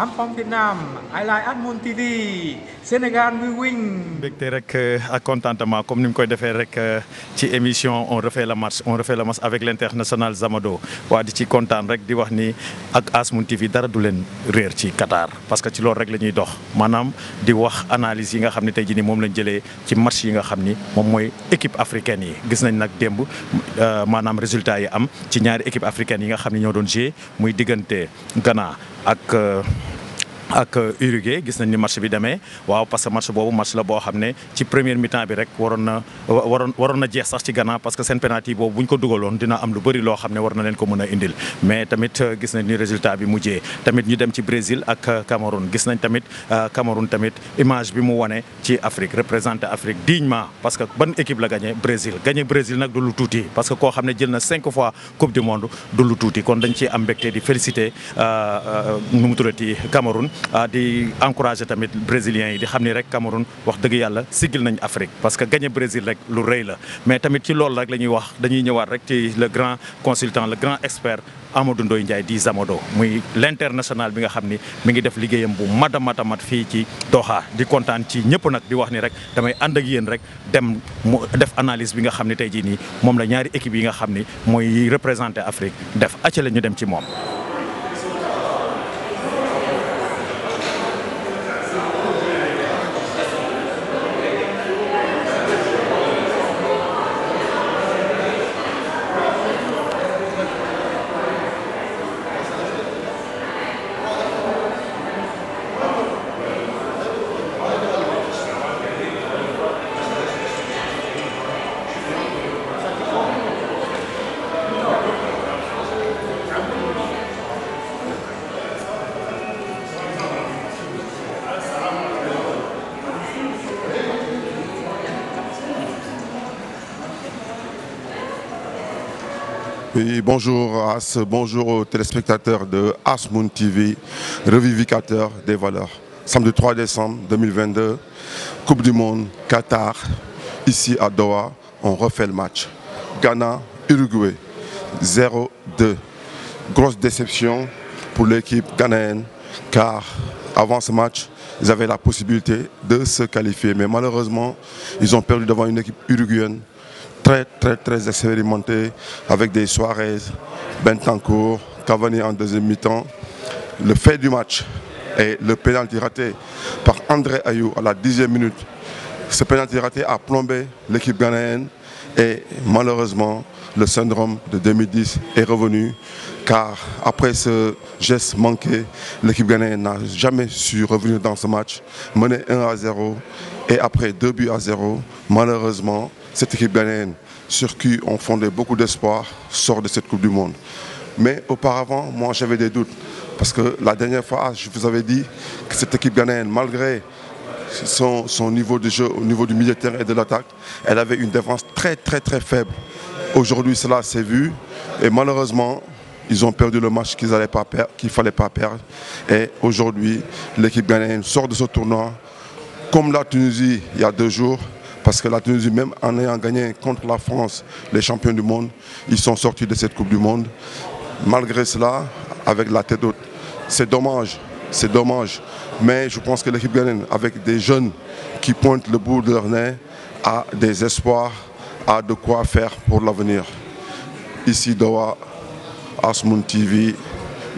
I'm from Vietnam. I like Admon TV. Senegal, we win. mbégte rek ak contentement comme nim koy defee rek euh, ci émission on refait la marche on refait la marche avec l'international Zamado Wa di ci contente rek di wax ni ak Asmoon TV dara du len rër ci Qatar parce que ci lool rek lañuy dox Manam di wax analyse yi nga xamni tay ji ni mom moom lañ jëlee ci match yi nga xamni mom moy équipe africaine yi gis nañ nak demb euh, manam résultat yi am ci ñaari équipe africaine yi nga xamni ne ñoo doon jé muy digënté Ghana. ak euh, ak euh, Uruguay gis nañ ni marché bi demee waaw parce que marché boobu match la boo xam ne ci première mi-temps bi rek waroon na waroon waroon na jeex sax ci Ghana parce que seen penalty boobu bu ko dugaloon dina am lu bëri loo xam ne war na leen ko mën a indil mais tamit euh, gis nañ ni résultat bi mu jee tamit ñu dem ci Brésil ak euh, Cameroun gis nañ tamit Cameroun tamit image bi mu wane ci Afrique représenté Afrique dignement parce que ban équipe la gagné Brésil gagné nag du lu tuuti parce que xam ne jël na cinq fois coupe du monde du lu tuuti kon dañ ci am mbégte di féliciter nu mu tuddati Cameroun Ah, di encouragé tamit brésiliens yi di xam ni rek Cameroun wax deug yalla sigil nañ Afrique parce que gagner Brésil rek lu reuy la mais tamit ci lool rek lañuy wax dañuy ñëwaat rek ci le grand consultant le grand expert Amadou Ndoye Ndiaye di Zamodo muy l'international bi nga xamni mi ngi def liggéeyam bu mat a mat a ci Doha di kontaan ci ñëpp nak di wax ni rek damay and ak yeen rek dem def analyse bi nga xamni tay ji ni mom la ñaari équipe yi nga xamni moy représenter Afrique def acca la ñu dem ci mom bonjour As, bonjour aux téléspectateurs de Asmoon TV, revivificateur des valeurs. Samedi 3 décembre 2022, Coupe du Monde, Qatar, ici à Doha, on refait le match. Ghana, Uruguay, 0-2. Grosse déception pour l'équipe ghanéenne, car avant ce match, ils avaient la possibilité de se qualifier. Mais malheureusement, ils ont perdu devant une équipe uruguayenne très, très, très expérimenté avec des Suarez, Bentancourt, Cavani en deuxième mi-temps. Le fait du match et le pénalty raté par André Ayou à la dixième minute. Ce pénalty raté a plombé l'équipe ghanéenne et malheureusement, le syndrome de 2010 est revenu car après ce geste manqué, l'équipe ghanéenne n'a jamais su revenir dans ce match, mener 1 à 0 et après 2 buts à 0, malheureusement, cette équipe ghanéenne sur qui on fondait beaucoup d'espoir, sort de cette Coupe du Monde. Mais auparavant, moi j'avais des doutes. Parce que la dernière fois, je vous avais dit que cette équipe ghanéenne, malgré son, niveau de jeu au niveau du milieu de terrain et de l'attaque, elle avait une défense très très très faible. Aujourd'hui, cela s'est vu. Et malheureusement, ils ont perdu le match qu'il ne fallait pas perdre. Et aujourd'hui, l'équipe ghanéenne sort de ce tournoi. Comme la Tunisie il y a deux jours, parce que la Tunisie, même en ayant gagné contre la France les champions du monde, ils sont sortis de cette Coupe du Monde. Malgré cela, avec la tête haute. C'est dommage, c'est dommage. Mais je pense que l'équipe gagnante, avec des jeunes qui pointent le bout de leur nez, a des espoirs, a de quoi faire pour l'avenir. Ici Doha, Asmoun TV,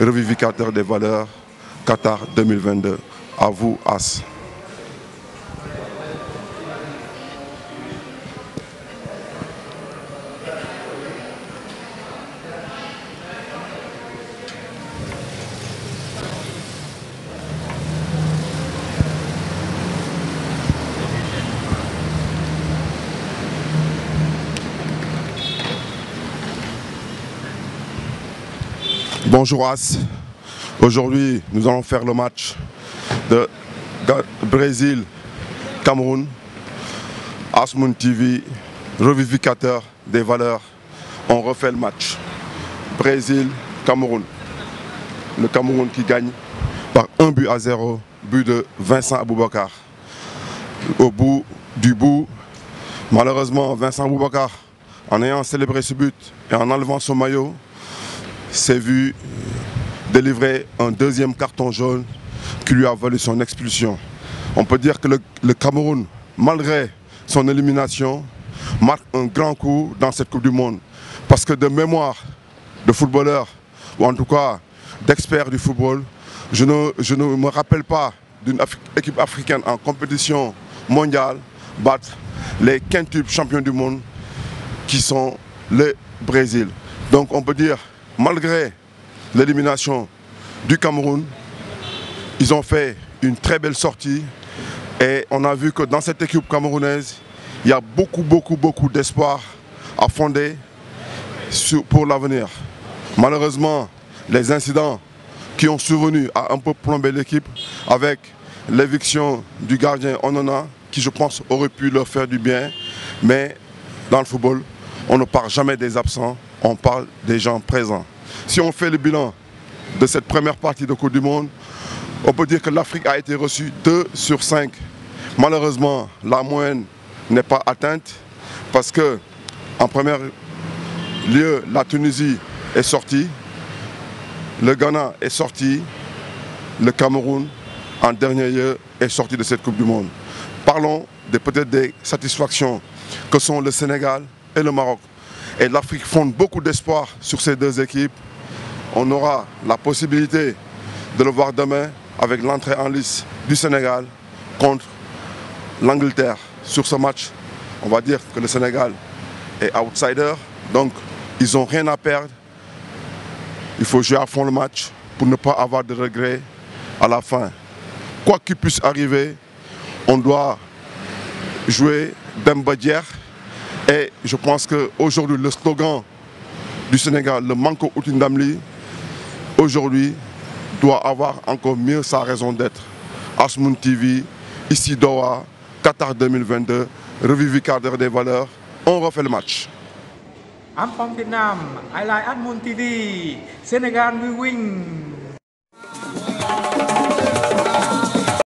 revivificateur des valeurs, Qatar 2022. À vous, As. Bonjour As. Aujourd'hui, nous allons faire le match de Brésil-Cameroun. Asmoun TV, revivificateur des valeurs. On refait le match. Brésil-Cameroun. Le Cameroun qui gagne par un but à zéro, but de Vincent Aboubakar. Au bout du bout, malheureusement, Vincent Aboubakar, en ayant célébré ce but et en enlevant son maillot, s'est vu délivrer un deuxième carton jaune qui lui a valu son expulsion. On peut dire que le, Cameroun, malgré son élimination, marque un grand coup dans cette Coupe du Monde. Parce que de mémoire de footballeur, ou en tout cas d'expert du football, je ne, je ne me rappelle pas d'une équipe africaine en compétition mondiale battre les quintuples champions du monde qui sont le Brésil. Donc on peut dire malgré l'élimination du Cameroun, ils ont fait une très belle sortie. Et on a vu que dans cette équipe camerounaise, il y a beaucoup, beaucoup, beaucoup d'espoir à fonder pour l'avenir. Malheureusement, les incidents qui ont survenu à un peu plombé l'équipe avec l'éviction du gardien Onona, qui je pense aurait pu leur faire du bien. Mais dans le football, on ne part jamais des absents on parle des gens présents. Si on fait le bilan de cette première partie de Coupe du Monde, on peut dire que l'Afrique a été reçue 2 sur 5. Malheureusement, la moyenne n'est pas atteinte parce que, en premier lieu, la Tunisie est sortie, le Ghana est sorti, le Cameroun, en dernier lieu, est sorti de cette Coupe du Monde. Parlons des peut-être des satisfactions que sont le Sénégal et le Maroc. Et l'Afrique fonde beaucoup d'espoir sur ces deux équipes. On aura la possibilité de le voir demain avec l'entrée en lice du Sénégal contre l'Angleterre. Sur ce match, on va dire que le Sénégal est outsider, donc ils n'ont rien à perdre. Il faut jouer à fond le match pour ne pas avoir de regrets à la fin. Quoi qu'il puisse arriver, on doit jouer d'un et je pense qu'aujourd'hui, le slogan du Sénégal, le Manco Damli, aujourd'hui, doit avoir encore mieux sa raison d'être. Asmoun TV, ici Doha, Qatar 2022, cadre des valeurs, on refait le match. I'm Vietnam, I like TV, Sénégal we win.